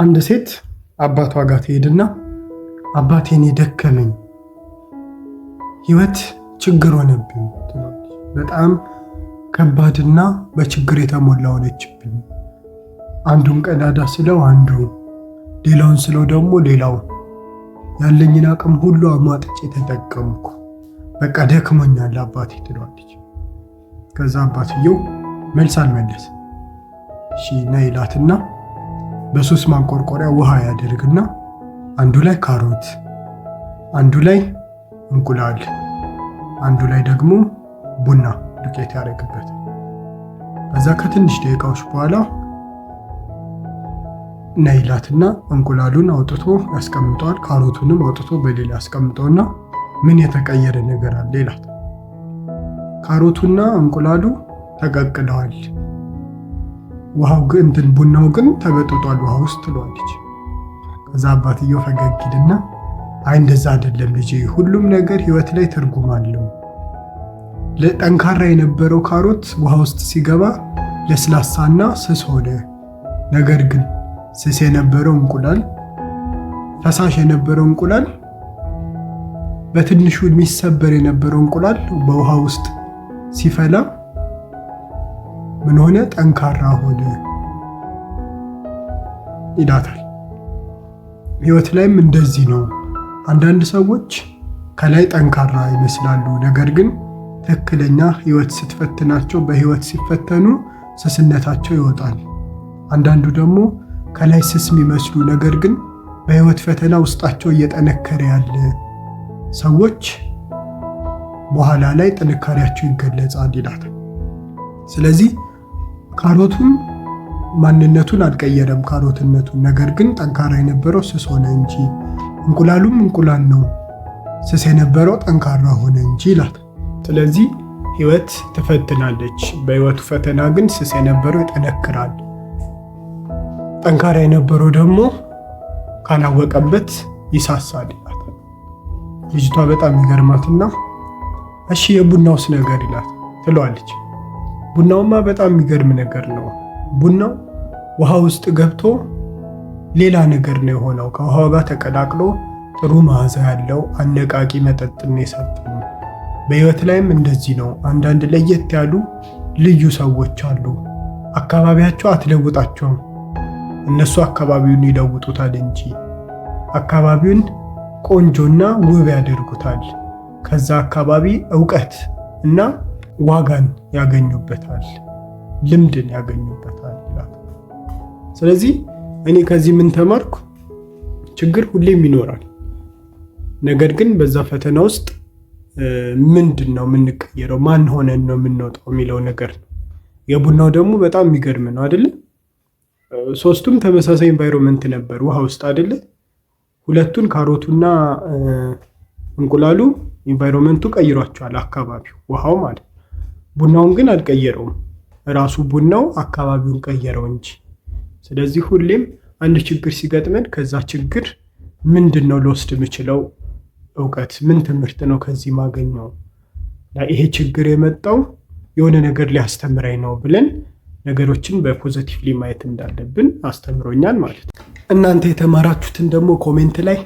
አንድ ሴት አባቷ ጋር ትሄድና አባቴ ኔ ደከመኝ፣ ህይወት ችግር ሆነብኝ፣ በጣም ከባድና በችግር የተሞላ ሆነችብኝ። አንዱን ቀዳዳ ስለው አንዱ፣ ሌላውን ስለው ደግሞ ሌላው፣ ያለኝን አቅም ሁሉ አሟጥጬ ተጠቀምኩ፣ በቃ ደክሞኛል አባቴ ትለዋለች። ከዛ አባትየው መልስ አልመለስ እሺ ነይላትና በሶስት ማንቆርቆሪያ ውሃ ያደርግና አንዱ ላይ ካሮት፣ አንዱ ላይ እንቁላል፣ አንዱ ላይ ደግሞ ቡና ዱቄት ያደርግበት። ከዛ ከትንሽ ደቂቃዎች በኋላ ነይላትና እንቁላሉን አውጥቶ ያስቀምጠዋል። ካሮቱንም አውጥቶ በሌላ ያስቀምጠውና ምን የተቀየረ ነገር አለ ይላት። ካሮቱና እንቁላሉ ተቀቅለዋል። ውሃው ግን እንትን ቡናው ግን ተበጥጧል ውሃ ውስጥ ትሏለች። ከዛ አባትየው ፈገግ ይልና አይ እንደዛ አይደለም ልጄ፣ ሁሉም ነገር ህይወት ላይ ትርጉም አለው። ለጠንካራ የነበረው ካሮት ውሃ ውስጥ ሲገባ ለስላሳና ስስ ሆነ። ነገር ግን ስስ የነበረው እንቁላል ፈሳሽ የነበረው እንቁላል በትንሹ የሚሰበር የነበረው እንቁላል በውሃ ውስጥ ሲፈላ ምን ሆነ? ጠንካራ ሆነ ይላታል። ህይወት ላይም እንደዚህ ነው። አንዳንድ ሰዎች ከላይ ጠንካራ ይመስላሉ፣ ነገር ግን ትክክለኛ ህይወት ስትፈትናቸው፣ በህይወት ሲፈተኑ ስስነታቸው ይወጣል። አንዳንዱ ደግሞ ከላይ ስስ የሚመስሉ ነገር ግን በህይወት ፈተና ውስጣቸው እየጠነከረ ያለ ሰዎች በኋላ ላይ ጥንካሬያቸው ይገለጻል ይላታል። ስለዚህ ካሮቱም ማንነቱን አልቀየረም ካሮትነቱ ነገር ግን ጠንካራ የነበረው ስስ ሆነ እንጂ እንቁላሉም እንቁላል ነው፣ ስስ የነበረው ጠንካራ ሆነ እንጂ ይላል። ስለዚህ ህይወት ትፈትናለች። በህይወቱ ፈተና ግን ስስ የነበረው ይጠነክራል፣ ጠንካራ የነበረው ደግሞ ካላወቀበት ይሳሳል ይላት። ልጅቷ በጣም ይገርማትና እሺ የቡናውስ ነገር ይላት ትለዋለች። ቡናውማ በጣም የሚገርም ነገር ነው። ቡናው ውሃ ውስጥ ገብቶ ሌላ ነገር ነው የሆነው። ከውሃው ጋር ተቀላቅሎ ጥሩ መዓዛ ያለው አነቃቂ መጠጥ ነው የሰጠው። በህይወት ላይም እንደዚህ ነው። አንዳንድ ለየት ያሉ ልዩ ሰዎች አሉ። አካባቢያቸው አትለውጣቸውም፣ እነሱ አካባቢውን ይለውጡታል እንጂ አካባቢውን ቆንጆና ውብ ያደርጉታል። ከዛ አካባቢ እውቀት እና ዋጋን ያገኙበታል፣ ልምድን ያገኙበታል ይላል። ስለዚህ እኔ ከዚህ ምን ተማርኩ? ችግር ሁሌም ይኖራል። ነገር ግን በዛ ፈተና ውስጥ ምንድን ነው የምንቀየረው፣ ማን ሆነን ነው የምንወጣው የሚለው ነገር ነው። የቡናው ደግሞ በጣም የሚገርም ነው አደለ? ሶስቱም ተመሳሳይ ኤንቫይሮንመንት ነበር፣ ውሃ ውስጥ አደለ? ሁለቱን ካሮቱና እንቁላሉ ኤንቫይሮንመንቱ ቀይሯቸዋል፣ አካባቢው ውሃው ማለት ቡናውን ግን አልቀየረውም። ራሱ ቡናው አካባቢውን ቀየረው እንጂ። ስለዚህ ሁሌም አንድ ችግር ሲገጥመን ከዛ ችግር ምንድን ነው ልወስድ የምችለው እውቀት፣ ምን ትምህርት ነው ከዚህ ማገኘው፣ ይሄ ችግር የመጣው የሆነ ነገር ሊያስተምረኝ ነው ብለን ነገሮችን በፖዘቲቭ ማየት እንዳለብን አስተምሮኛል ማለት ነው። እናንተ የተማራችሁትን ደግሞ ኮሜንት ላይ